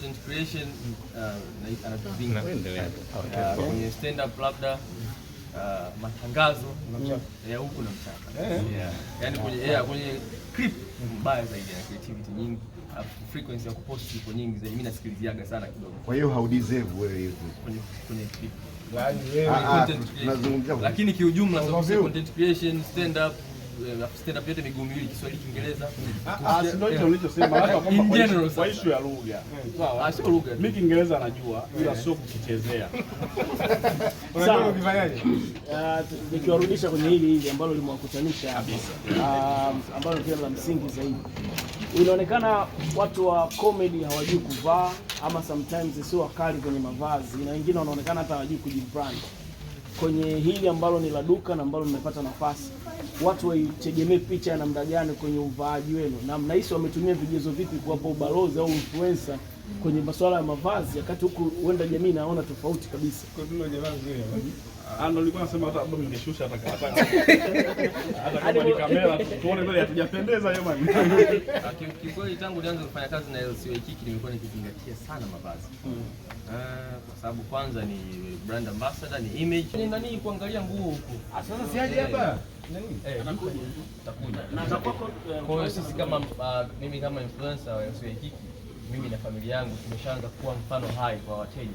content creation kwenye stand ah, up labda matangazo ya huku ah. na mchaka, yaani kwenye clip mm, mbaya zaidi ya creativity nyingi uh, frequency ya kuposti iko nyingi zaidi. Mimi nasikiliziaga sana kidogo, kwa hiyo hau deserve wewe hizo kwenye kwenye clip, yaani ah, lakini kiujumla content creation stand up apate miguu miwili Kiswahili, Kiingereza, ah, ah, eh, ya lugha. Mimi ah, Kiingereza najua ila sio kukichezea. Nikiwarudisha kwenye hili hili ambalo limewakutanisha ambalo pia la msingi zaidi, inaonekana watu wa comedy hawajui kuvaa ama sometimes sio wakali kwenye mavazi, na wengine wanaonekana hata hawajui kujibrand kwenye hili ambalo ni la duka na ambalo limepata nafasi watu waitegemee picha ya namna gani kwenye uvaaji wenu, na mnahisi wametumia vigezo vipi kuwapa ubalozi au influencer kwenye masuala ya mavazi, wakati huku huenda jamii naona tofauti kabisa? Alikuwa anasema hata bado ningeshusha hata hata hata kama ni kamera tuone mbele, hatujapendeza jamani. Kikweli tangu nianze kufanya kazi na LCA Kiki nimekuwa nikizingatia sana mavazi hmm. ah, kwa sababu kwanza ni brand ambassador, ni image, ni nani kuangalia nguo huko. Ah, sasa siaje hapa eh, kwa hiyo sisi kama ah, mimi kama influencer wa Yasuya Kiki, mimi na familia yangu tumeshaanza kuwa mfano hai kwa wateja.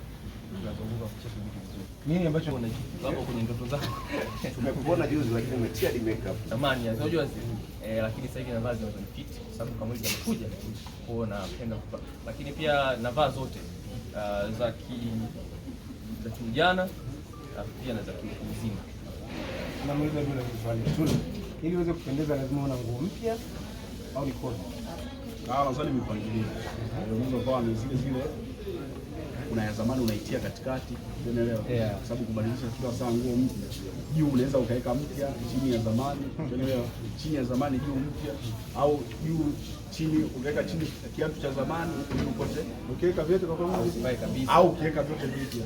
Tunazunguka kucheza vitu vizuri. Nini ambacho unakifahamu kwenye ndoto zako? Tumekuona juzi lakini umetia di makeup. Tamani, unajua eh, lakini sasa hivi na vazi zinazoni fit kwa sababu kama hizo zimekuja. kuona hiyo napenda lakini pia navaa zote uh, za ki za kijana ah, pia na za kiuzima namaliza bila kufanya tu, ili uweze kupendeza lazima una nguo mpya au Ah, nadhani mipangilio unaweza ukawa ni zile zile kuna ya zamani unaitia katikati, unaelewa? Yeah. Kwa sababu kubadilisha kila saa nguo mpya, juu unaweza ukaweka mpya, chini ya zamani, unaelewa? Chini ya zamani juu mpya, au juu chini ukaweka chini kiatu cha zamani, ukiweka vyote kwa pamoja, au ukiweka vyote vipya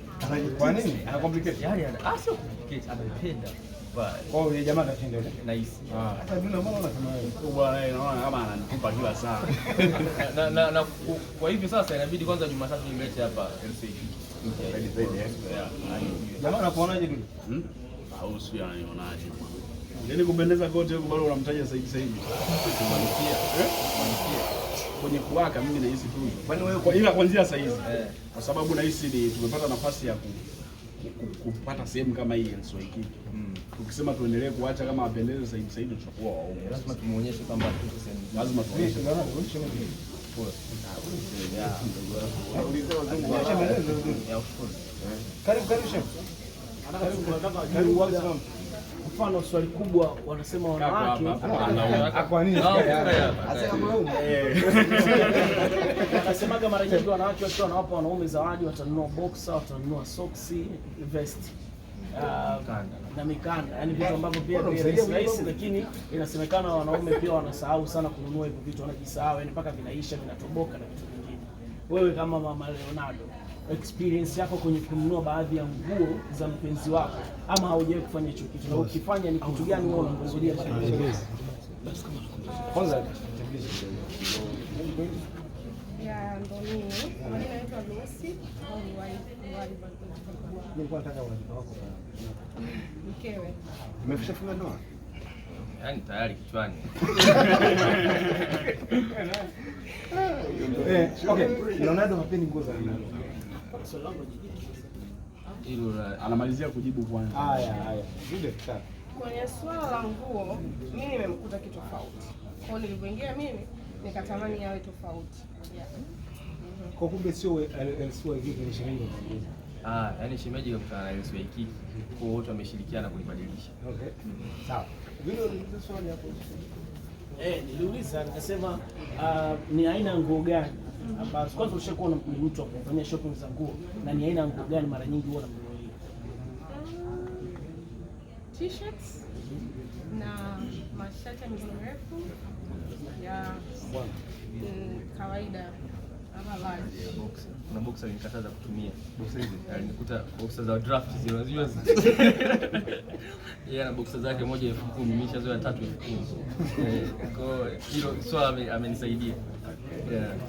Kwa nini? Ana complicate. Yaani ana ah, sio complicate, anapenda. Kwa hiyo jamaa kashinda yule. Nice. Sasa ah. mimi naona unasema wewe. Bwana naona kama ananipa kila saa. Na na na kwa hivyo sasa inabidi kwanza Jumatatu ni mechi hapa MC. Eh? Jamaa anakuonaje dulu? Mhm. Au sio ananionaje? Yaani kubendeza kote huko bado unamtaja Said Said. Kumalikia. Eh? Kumalikia kwenye kuwaka mimi nahisi tu Kwani wewe kwa ila kuanzia sasa hizi. Eh. Kwa sababu nahisi ni tumepata nafasi ya ku, ku, kupata sehemu kama hii ya Ikiki. Mm. Ukisema tuendelee kuacha kama sasa hivi Said tutakuwa waongo. Eh, lazima tumuonyeshe kwamba tuko sehemu. Lazima tuonyeshe kama eh, tuonyeshe ah, ah, eh, karibu karibu, karibu mfano swali kubwa wanasema wanawake wanasemaga eh. mara nyingi wanawake wakiwa wanawapa wanaume zawadi watanunua boxer, watanunua soksi, vest ah, na mikanda, yani vitu ambavyo pia rahisi lakini inasemekana wanaume pia wanasahau sana kununua hivyo vitu, wanajisahau yani mpaka vinaisha vinatoboka na vitu vingine. Wewe kama mama Leonardo experience yako kwenye kununua baadhi ya nguo za mpenzi wako, ama haujawahi kufanya hicho kitu? Na ukifanya ni kitu gani wewe unakuzulia? Kwanza umeshafunga ndoa? Yaani tayari kichwani. Eh, Leonardo hapendi nguo za Swali langu hilo anamalizia kujibu kwanza. Haya haya. Vile kitaka. Kwenye swala la nguo, mimi nimemkuta kitu tofauti. Kwa hiyo nilipoingia mimi nikatamani yawe tofauti. Kwa kumbe sio Elsua hivi ni shemeji. Ah, yani shemeji kakutana na Elsua hiki. Kwa wote wameshirikiana kulibadilisha. Okay. Sawa. Vile ndio swali hapo. Eh, niliuliza nikasema ah, ni aina nguo gani ambazo kwanza ushakuwa na mtu kufanyia shopping za nguo, na ni aina ya nguo gani mara nyingi huwa unanunulia? Um, t-shirts na mashati ya mikono mirefu ya mm, kawaida kuna boxer alinikataza kutumia boxer hizi, alinikuta boxer za draft zile, unajua yeye ana boxer zake moja elfu kumi mimi shazoea tatu elfu kumi eh, kwa hilo swala amenisaidia.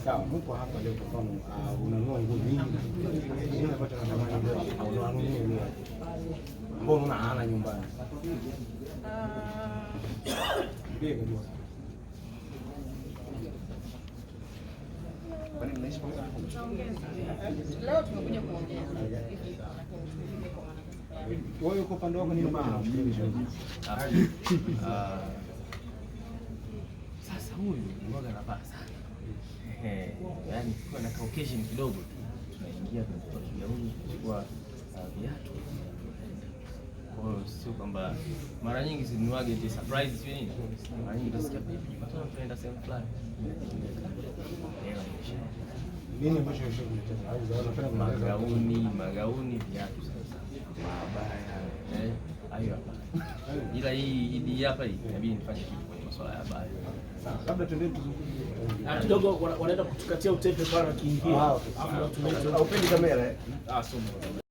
Sawa, mko hapa uh, nyumbani uh, Leo Sasa huyu mboga anabaa sana. Yaani kwa na occasion kidogo tunaingia tunakuja huyu kwa viatu. Kwa hiyo sio kwamba mara nyingi si niwage surprise sio nini? Mara nyingi utasikia tunaenda sehemu fulani. Nini ambacho magauni, magauni, viatu sasa, mabaya eh, hayo hapana, ila hii hii hapa inabidi nifanye kitu kwenye masuala ya habari. Labda tuende tuzungumze ah, kidogo, wanaenda kutukatia utepe pale kiingia. Au upendi kamera eh? Ah, somo.